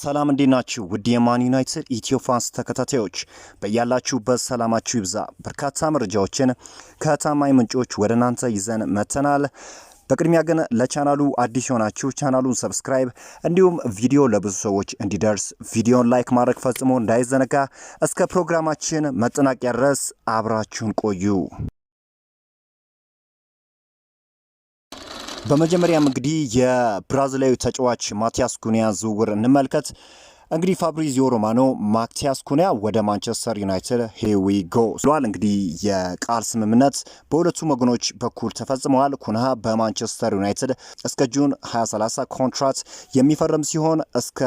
ሰላም እንዴት ናችሁ? ውድ የማን ዩናይትድ ኢትዮ ፋንስ ተከታታዮች በያላችሁበት ሰላማችሁ ይብዛ። በርካታ መረጃዎችን ከታማኝ ምንጮች ወደ እናንተ ይዘን መተናል። በቅድሚያ ግን ለቻናሉ አዲስ የሆናችሁ ቻናሉን ሰብስክራይብ፣ እንዲሁም ቪዲዮ ለብዙ ሰዎች እንዲደርስ ቪዲዮን ላይክ ማድረግ ፈጽሞ እንዳይዘነጋ። እስከ ፕሮግራማችን መጠናቂያ ድረስ አብራችሁን ቆዩ። በመጀመሪያም እንግዲህ የብራዚላዊ ተጫዋች ማቲያስ ኩኒያ ዝውውር እንመልከት። እንግዲህ ፋብሪዚዮ ሮማኖ ማቲያስ ኩኒያ ወደ ማንቸስተር ዩናይትድ ሄዊ ጎ ብሏል። እንግዲህ የቃል ስምምነት በሁለቱም ወገኖች በኩል ተፈጽመዋል። ኩንሃ በማንቸስተር ዩናይትድ እስከ ጁን 2030 ኮንትራት የሚፈርም ሲሆን እስከ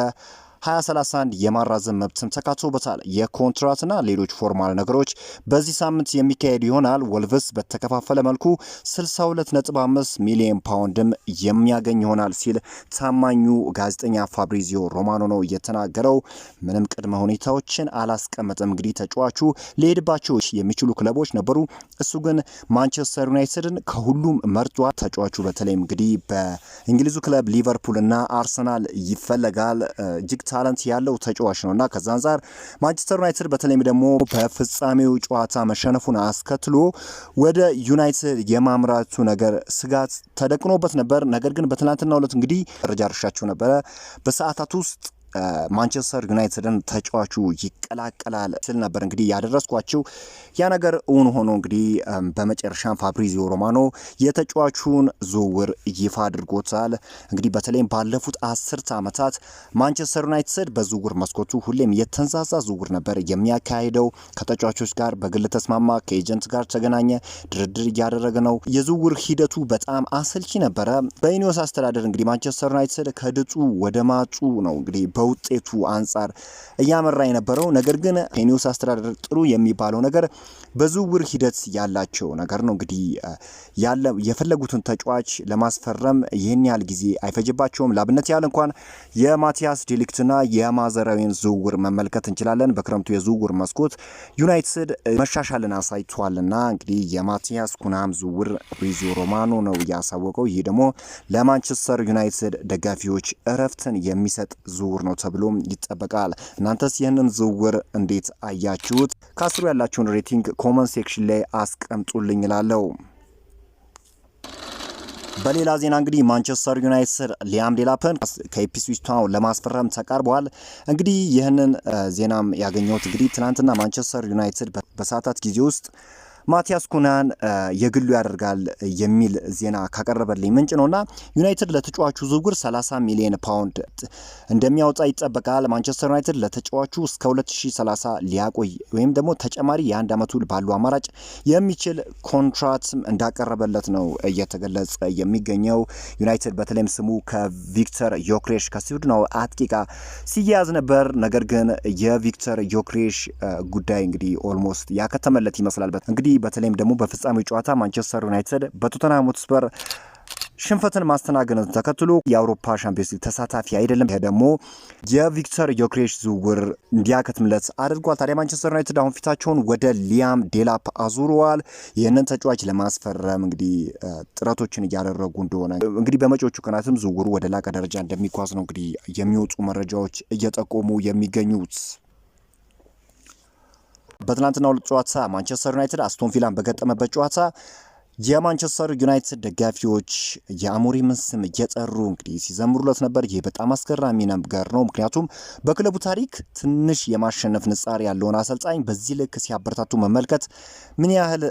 2031 የማራዘም መብትም ተካቶበታል። የኮንትራትና ሌሎች ፎርማል ነገሮች በዚህ ሳምንት የሚካሄድ ይሆናል። ወልቭስ በተከፋፈለ መልኩ 625 ሚሊዮን ፓውንድም የሚያገኝ ይሆናል ሲል ታማኙ ጋዜጠኛ ፋብሪዚዮ ሮማኖ ነው የተናገረው። ምንም ቅድመ ሁኔታዎችን አላስቀመጠም። እንግዲህ ተጫዋቹ ሊሄድባቸው የሚችሉ ክለቦች ነበሩ። እሱ ግን ማንቸስተር ዩናይትድን ከሁሉም መርጧ። ተጫዋቹ በተለይም እንግዲህ በእንግሊዙ ክለብ ሊቨርፑል እና አርሰናል ይፈለጋል። እጅግ ታለንት ያለው ተጫዋች ነው እና ከዛ አንጻር ማንቸስተር ዩናይትድ በተለይም ደግሞ በፍጻሜው ጨዋታ መሸነፉን አስከትሎ ወደ ዩናይትድ የማምራቱ ነገር ስጋት ተደቅኖበት ነበር። ነገር ግን በትናንትናው ዕለት እንግዲህ መረጃ ርሻቸው ነበረ በሰዓታት ውስጥ ማንቸስተር ዩናይትድን ተጫዋቹ ይቀላቀላል ስል ነበር እንግዲህ ያደረስኳቸው። ያ ነገር እውን ሆኖ እንግዲህ በመጨረሻም ፋብሪዚዮ ሮማኖ የተጫዋቹን ዝውውር ይፋ አድርጎታል። እንግዲህ በተለይም ባለፉት አስርት ዓመታት ማንቸስተር ዩናይትድ በዝውውር መስኮቱ ሁሌም የተንዛዛ ዝውውር ነበር የሚያካሂደው። ከተጫዋቾች ጋር በግል ተስማማ፣ ከኤጀንት ጋር ተገናኘ፣ ድርድር እያደረገ ነው። የዝውውር ሂደቱ በጣም አሰልቺ ነበረ። በኢኒዮስ አስተዳደር እንግዲህ ማንቸስተር ዩናይትድ ከድጡ ወደ ማጡ ነው እንግዲህ በውጤቱ አንጻር እያመራ የነበረው ነገር ግን የኒውስ አስተዳደር ጥሩ የሚባለው ነገር በዝውውር ሂደት ያላቸው ነገር ነው። እንግዲህ ያለ የፈለጉትን ተጫዋች ለማስፈረም ይህን ያህል ጊዜ አይፈጅባቸውም። ላብነት ያህል እንኳን የማቲያስ ዲሊክትና የማዘራዊን ዝውውር መመልከት እንችላለን። በክረምቱ የዝውውር መስኮት ዩናይትድ መሻሻልን አሳይቷልና እንግዲህ የማቲያስ ኩናም ዝውውር ሪዚዮ ሮማኖ ነው ያሳወቀው። ይህ ደግሞ ለማንቸስተር ዩናይትድ ደጋፊዎች እረፍትን የሚሰጥ ዝውውር ነው ተብሎ ይጠበቃል። እናንተስ ይህንን ዝውውር እንዴት አያችሁት? ከአስሩ ያላችሁን ሬቲንግ ኮመንት ሴክሽን ላይ አስቀምጡልኝ እላለሁ። በሌላ ዜና እንግዲህ ማንቸስተር ዩናይትድ ሊያም ዴላፕን ከኢፕስዊች ታውን ለማስፈረም ተቃርበዋል። እንግዲህ ይህንን ዜናም ያገኘሁት እንግዲህ ትናንትና ማንቸስተር ዩናይትድ በሰዓታት ጊዜ ውስጥ ማቲያስ ኩናን የግሉ ያደርጋል የሚል ዜና ካቀረበልኝ ምንጭ እና ዩናይትድ ለተጫዋቹ ዝውውር 30 ሚሊዮን ፓውንድ እንደሚያወጣ ይጠበቃል። ማንቸስተር ዩናይትድ ለተጫዋቹ እስከ 2030 ሊያቆይ ወይም ደግሞ ተጨማሪ የአንድ አመቱ ባሉ አማራጭ የሚችል ኮንትራት እንዳቀረበለት ነው እየተገለጸ የሚገኘው። ዩናይትድ በተለይም ስሙ ከቪክተር ዮክሬሽ ከስዊድናዊ አጥቂ ጋር ሲያያዝ ነበር። ነገር ግን የቪክተር ዮክሬሽ ጉዳይ እንግዲህ ኦልሞስት ያከተመለት ይመስላል። እንግዲህ በተለይም ደግሞ በፍጻሜው ጨዋታ ማንቸስተር ዩናይትድ በቶተንሃም ሆትስፐር ሽንፈትን ማስተናገድን ተከትሎ የአውሮፓ ሻምፒዮንስ ሊግ ተሳታፊ አይደለም። ይህ ደግሞ የቪክተር ዮክሬሽ ዝውውር እንዲያከትምለት አድርጓል። ታዲያ ማንቸስተር ዩናይትድ አሁን ፊታቸውን ወደ ሊያም ዴላፕ አዙረዋል። ይህንን ተጫዋች ለማስፈረም እንግዲህ ጥረቶችን እያደረጉ እንደሆነ እንግዲህ በመጪዎቹ ቀናትም ዝውውሩ ወደ ላቀ ደረጃ እንደሚጓዝ ነው እንግዲህ የሚወጡ መረጃዎች እየጠቆሙ የሚገኙት። በትናንትና ሁለት ጨዋታ ማንቸስተር ዩናይትድ አስቶን ቪላን በገጠመበት ጨዋታ የማንቸስተር ዩናይትድ ደጋፊዎች የአሞሪም ስም እየጠሩ እንግዲህ ሲዘምሩለት ነበር። ይህ በጣም አስገራሚ ነገር ነው። ምክንያቱም በክለቡ ታሪክ ትንሽ የማሸነፍ ንጻር ያለውን አሰልጣኝ በዚህ ልክ ሲያበረታቱ መመልከት ምን ያህል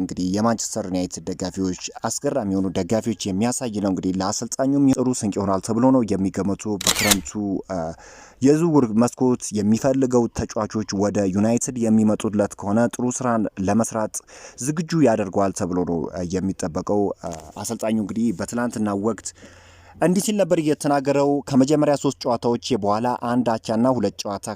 እንግዲህ የማንቸስተር ዩናይትድ ደጋፊዎች አስገራሚ የሆኑ ደጋፊዎች የሚያሳይ ነው። እንግዲህ ለአሰልጣኙም ጥሩ ስንቅ ይሆናል ተብሎ ነው የሚገመቱ በክረምቱ የዝውውር መስኮት የሚፈልገው ተጫዋቾች ወደ ዩናይትድ የሚመጡለት ከሆነ ጥሩ ስራን ለመስራት ዝግጁ ያደርገዋል ተብሎ ነው የሚጠበቀው። አሰልጣኙ እንግዲህ በትላንትና ወቅት እንዲህ ሲል ነበር የተናገረው። ከመጀመሪያ ሶስት ጨዋታዎች በኋላ አንድ አቻና ሁለት ጨዋታ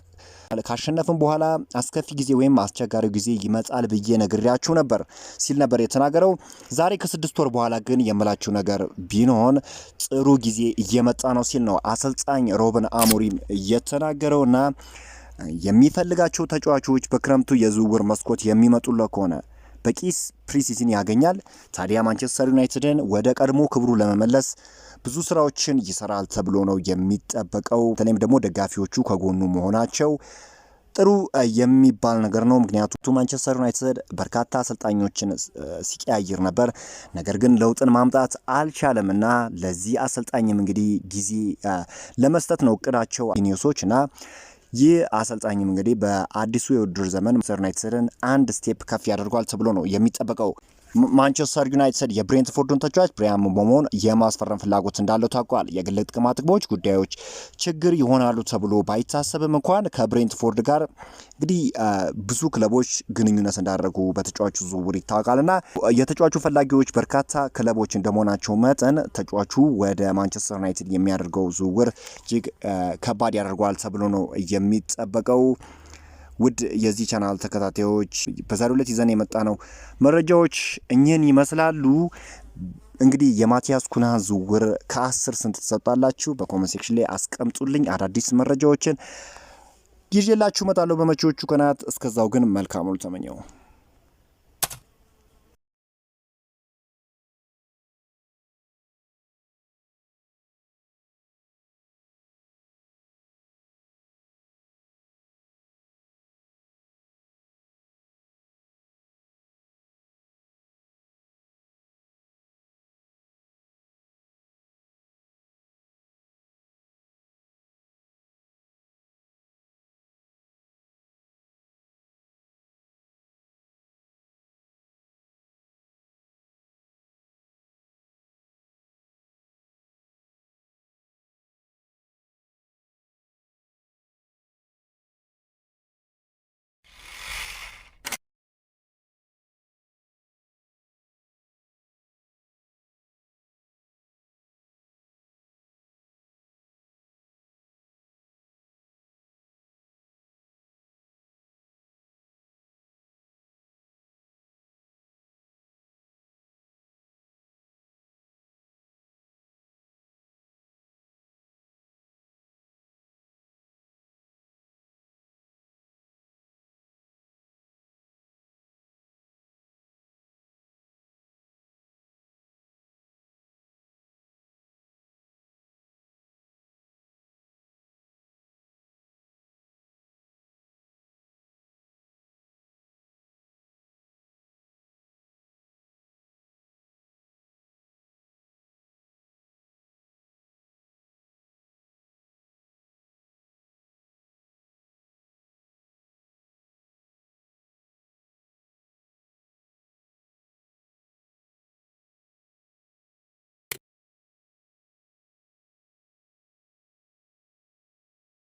ካሸነፍን በኋላ አስከፊ ጊዜ ወይም አስቸጋሪው ጊዜ ይመጣል ብዬ ነግሬያችሁ ነበር ሲል ነበር የተናገረው። ዛሬ ከስድስት ወር በኋላ ግን የምላችሁ ነገር ቢሆን ጥሩ ጊዜ እየመጣ ነው ሲል ነው አሰልጣኝ ሮበን አሞሪም እየተናገረውና የሚፈልጋቸው ተጫዋቾች በክረምቱ የዝውውር መስኮት የሚመጡለት ከሆነ በቂ ፕሪሲዝን ያገኛል። ታዲያ ማንቸስተር ዩናይትድን ወደ ቀድሞ ክብሩ ለመመለስ ብዙ ስራዎችን ይሰራል ተብሎ ነው የሚጠበቀው። በተለይም ደግሞ ደጋፊዎቹ ከጎኑ መሆናቸው ጥሩ የሚባል ነገር ነው። ምክንያቱም ማንቸስተር ዩናይትድ በርካታ አሰልጣኞችን ሲቀያይር ነበር፣ ነገር ግን ለውጥን ማምጣት አልቻለም እና ለዚህ አሰልጣኝም እንግዲህ ጊዜ ለመስጠት ነው እቅዳቸው ኒዮሶች እና ይህ አሰልጣኝም እንግዲህ በአዲሱ የውድድር ዘመን ማንቸስተር ዩናይትድን አንድ ስቴፕ ከፍ ያደርጓል ተብሎ ነው የሚጠበቀው። ማንቸስተር ዩናይትድ የብሬንትፎርዱን ተጫዋች ብሪያን ምቦሞን የማስፈረም ፍላጎት እንዳለው ታውቋል። የግል ጥቅማ ጥቅሞች ጉዳዮች ችግር ይሆናሉ ተብሎ ባይታሰብም እንኳን ከብሬንትፎርድ ጋር እንግዲህ ብዙ ክለቦች ግንኙነት እንዳደረጉ በተጫዋቹ ዝውውር ይታወቃልና የተጫዋቹ ፈላጊዎች በርካታ ክለቦች እንደመሆናቸው መጠን ተጫዋቹ ወደ ማንቸስተር ዩናይትድ የሚያደርገው ዝውውር እጅግ ከባድ ያደርገዋል ተብሎ ነው የሚጠበቀው። ውድ የዚህ ቻናል ተከታታዮች በዛሬው ዕለት ይዘን የመጣ ነው መረጃዎች እኚህን ይመስላሉ። እንግዲህ የማቲያስ ኩና ዝውውር ከአስር ስንት ትሰጣላችሁ? በኮመንት ሴክሽን ላይ አስቀምጡልኝ። አዳዲስ መረጃዎችን ይዤላችሁ እመጣለሁ በመቼዎቹ ቀናት። እስከዛው ግን መልካሙን ተመኘው።